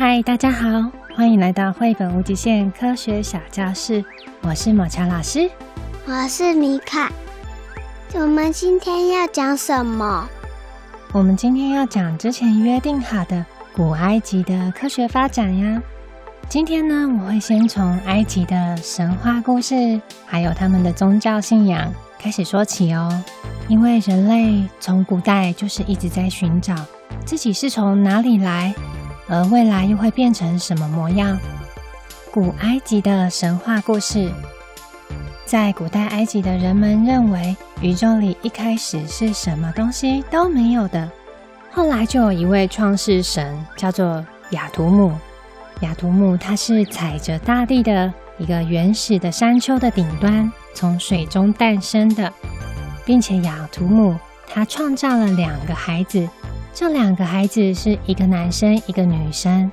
嗨，Hi, 大家好，歡迎來到繪本無極限科學小教室。我是抹茶老師，我是米卡。我們今天要講什麼？我們今天要講之前約定好的古埃及的科學發展呀。今天呢，我會先從埃及的神話故事，還有他們的宗教信仰開始說起哦。因為人類從古代就是一直在尋找自己是從哪裡來。而未來又會變成什麼模樣？古埃及的神話故事，在古代埃及的人們認為，宇宙裡一開始是什麼東西都沒有的。後來就有一位創世神，叫做雅圖姆。雅圖姆他是踩着大地的一個原始的山丘的頂端，從水中誕生的，並且雅圖姆他創造了兩個孩子。這兩個孩子是一個男生，一個女生，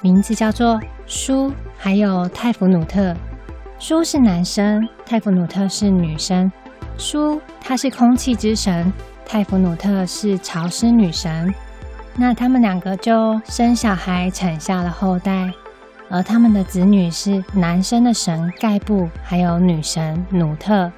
名字叫做舒，還有泰芙努特。舒是男生，泰芙努特是女生。舒他是空氣之神，泰芙努特是潮濕女神。那他們兩個就生小孩，產下了後代，而他們的子女是男生的神蓋布，還有女神努特。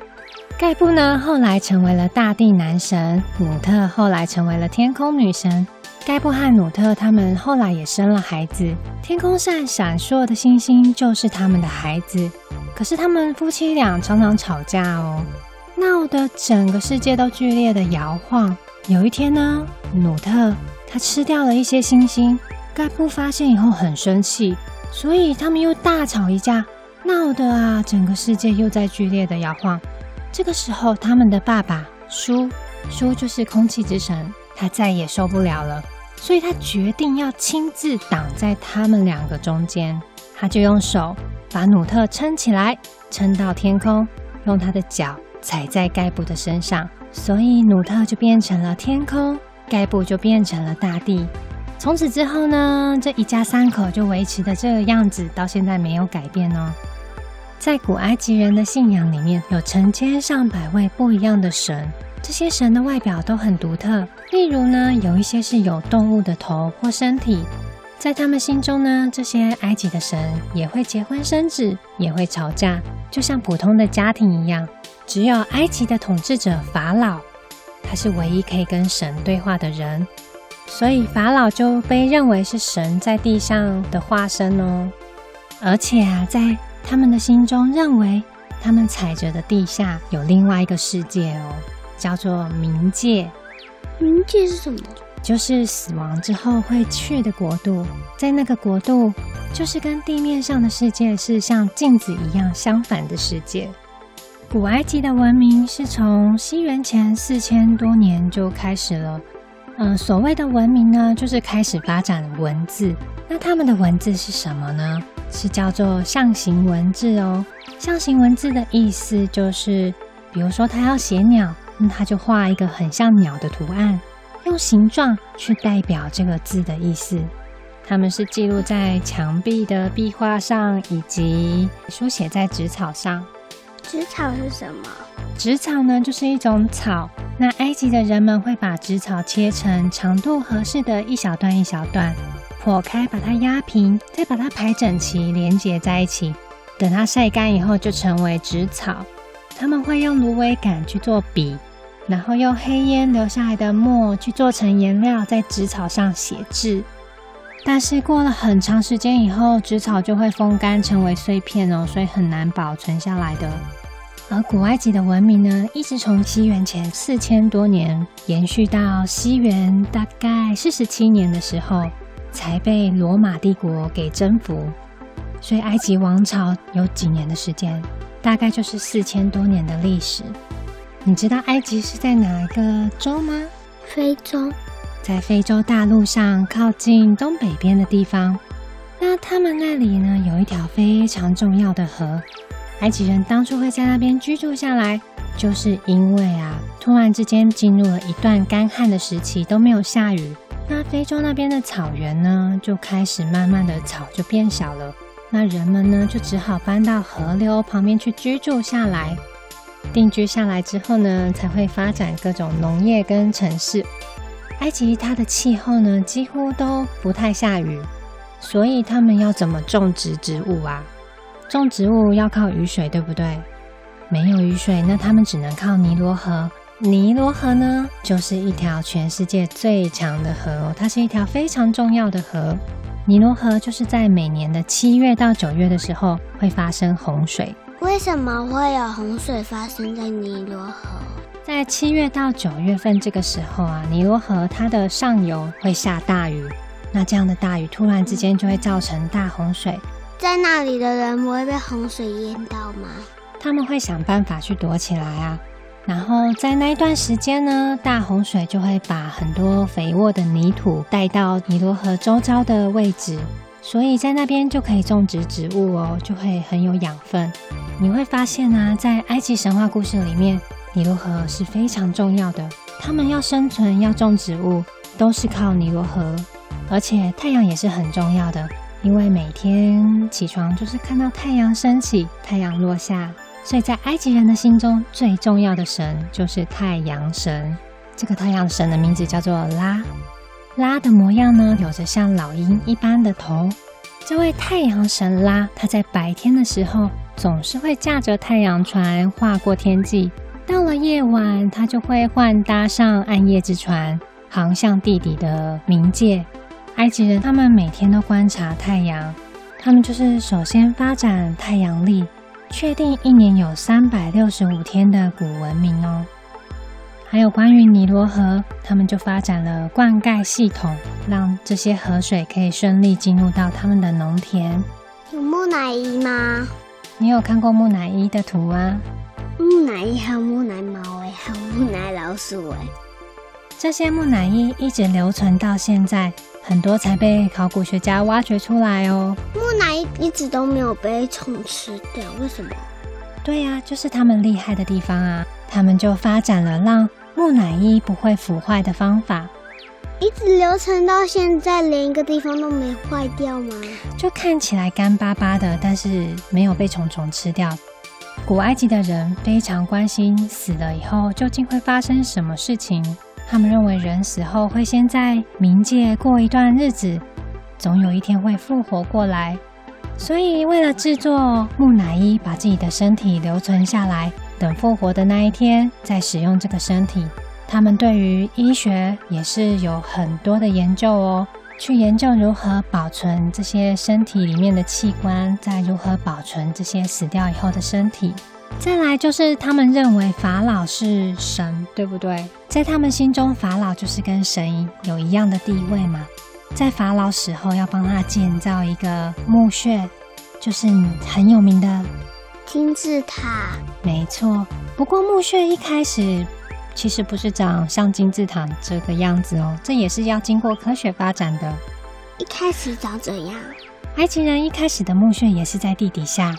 蓋布呢，後來成為了大地男神；努特後來成為了天空女神。蓋布和努特他們後來也生了孩子，天空上閃爍的星星就是他們的孩子。可是他們夫妻倆常常吵架哦，鬧得整個世界都劇烈的搖晃。有一天呢，努特他吃掉了一些星星，蓋布發現以後很生氣，所以他們又大吵一架，鬧得啊，整個世界又在劇烈的搖晃。這個時候，他們的爸爸舒舒就是空氣之神，他再也受不了了，所以他決定要親自擋在他們兩個中間。他就用手把努特撐起來，撐到天空，用他的腳踩在蓋布的身上，所以努特就變成了天空，蓋布就變成了大地。從此之後呢，這一家三口就維持的這個樣子，到現在沒有改變哦。在古埃及人的信仰裡面，有成千上百位不一樣的神，這些神的外表都很獨特。例如呢，有一些是有動物的頭或身體。在他們心中呢，這些埃及的神也會結婚生子，也會吵架，就像普通的家庭一樣。只有埃及的統治者法老，他是唯一可以跟神對話的人，所以法老就被認為是神在地上的化身哦。而且啊，在他們的心中認為，他們踩着的地下有另外一個世界哦，叫做冥界。冥界是什麼？就是死亡之後會去的國度。在那個國度，就是跟地面上的世界是像鏡子一樣相反的世界。古埃及的文明是從西元前四千多年就開始了。嗯、呃，所謂的文明呢，就是開始發展文字。那他們的文字是什麼呢？是叫做象形文字哦。象形文字的意思就是，比如說他要寫鳥，那他就畫一個很像鳥的圖案，用形狀去代表這個字的意思。它們是記錄在牆壁的壁畫上，以及書寫在紙草上。紙草是什麼？紙草呢，就是一種草。那埃及的人們會把紙草切成長度合適的一小段一小段。破開，把它壓平，再把它排整齊，連接在一起。等它曬乾以後，就成為紙草。他們會用蘆葦桿去做筆，然後用黑煙留下來的墨去做成顏料，在紙草上寫字。但是過了很長時間以後，紙草就會風乾成為碎片哦，所以很難保存下來的。而古埃及的文明呢，一直從西元前四千多年延續到西元大概四十七年的時候，才被羅馬帝國給征服，所以埃及王朝有幾年的時間，大概就是四千多年的歷史。你知道埃及是在哪一個洲嗎？非洲。在非洲大陸上靠近東北邊的地方。那他們那裡呢，有一條非常重要的河。埃及人當初會在那邊居住下來，就是因為啊，突然之間進入了一段乾旱的時期，都沒有下雨。那非洲那邊的草原呢，就開始慢慢的草就變小了。那人們呢，就只好搬到河流旁邊去居住下來。定居下來之後呢，才會發展各種農業跟城市。埃及它的氣候呢，幾乎都不太下雨，所以他們要怎麼種植植物啊？種植物要靠雨水，對不對？沒有雨水，那他們只能靠尼羅河。尼羅河呢，就是一條全世界最長的河哦，它是一條非常重要的河。尼羅河就是在每年的七月到九月的時候會發生洪水。為什麼會有洪水發生在尼羅河？在七月到九月份這個時候啊，尼羅河它的上游會下大雨，那這樣的大雨突然之間就會造成大洪水。嗯。在那裡的人不會被洪水淹到嗎？他們會想辦法去躲起來啊。然後在那一段時間呢，大洪水就會把很多肥沃的泥土帶到尼羅河周遭的位置，所以在那邊就可以種植植物哦，就會很有養分。你會發現呢、啊，在埃及神話故事裡面，尼羅河是非常重要的，他們要生存、要種植物，都是靠尼羅河。而且太陽也是很重要的，因為每天起床就是看到太陽升起，太陽落下。所以在埃及人的心中，最重要的神就是太陽神。這個太陽神的名字叫做拉，拉的模樣呢，有着像老鷹一般的頭。這位太陽神拉，他在白天的時候總是會駕着太陽船划過天際，到了夜晚，他就會換搭上暗夜之船，航向地底的冥界。埃及人他們每天都觀察太陽，他們就是首先發展太陽曆。確定一年有三百六十五天的古文明哦，還有關於尼羅河，他們就發展了灌溉系統，讓這些河水可以順利進入到他們的農田。有木乃伊嗎？你有看過木乃伊的圖啊？木乃伊和木乃貓誒，還有木乃老鼠誒。這些木乃伊一直流傳到現在，很多才被考古學家挖掘出來哦。木乃伊一直都沒有被蟲吃掉，為什麼？對呀、啊，就是他們厲害的地方啊！他們就發展了讓木乃伊不會腐壞的方法，一直流傳到現在，連一個地方都沒壞掉嗎？就看起來乾巴巴的，但是沒有被蟲蟲吃掉。古埃及的人非常關心死了以後究竟會發生什麼事情。他們認為人死後會先在冥界過一段日子，總有一天會復活過來。所以，為了製作木乃伊，把自己的身體留存下來，等復活的那一天再使用這個身體。他們對於醫學也是有很多的研究哦，去研究如何保存這些身體裡面的器官，再如何保存這些死掉以後的身體。再來就是他們認為法老是神，對不對？在他們心中，法老就是跟神有一樣的地位嘛。在法老死後，要幫他建造一個墓穴，就是很有名的金字塔。沒錯，不過墓穴一開始其實不是長像金字塔這個樣子哦，這也是要經過科學發展的。一開始長怎樣？埃及人一開始的墓穴也是在地底下。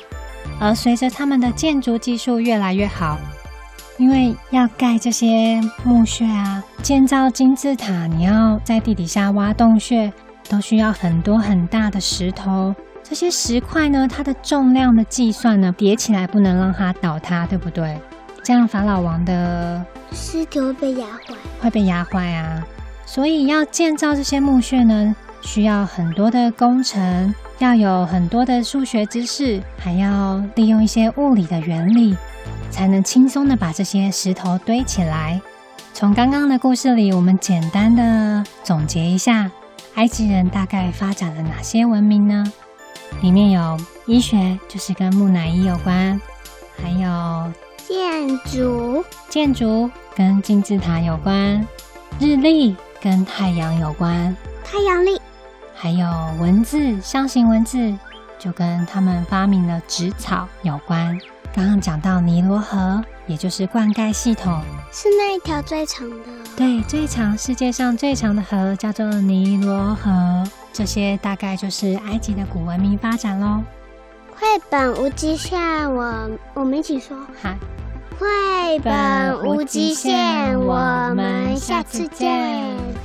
而隨着他們的建築技術越來越好，因為要蓋這些墓穴啊，建造金字塔，你要在地底下挖洞穴，都需要很多很大的石頭。這些石塊呢，它的重量的計算呢，疊起來不能讓它倒塌，對不對？這樣法老王的屍體會被壓壞，會被壓壞啊！所以要建造這些墓穴呢，需要很多的工程。要有很多的數學知識，還要利用一些物理的原理，才能輕鬆的把這些石頭堆起來。從剛剛的故事裡，我們簡單的總結一下，埃及人大概發展了哪些文明呢？裡面有醫學，就是跟木乃伊有關，還有建築，建築跟金字塔有關，日曆跟太陽有關，太陽曆。還有文字，象形文字，就跟他們發明了紙草有關。剛剛講到尼羅河，也就是灌溉系統，是那一條最長的。對，最長，世界上最長的河叫做尼羅河。這些大概就是埃及的古文明發展嘍。繪本無極限，我我們一起說。好哈，繪本無極限，無極限，我們下次見。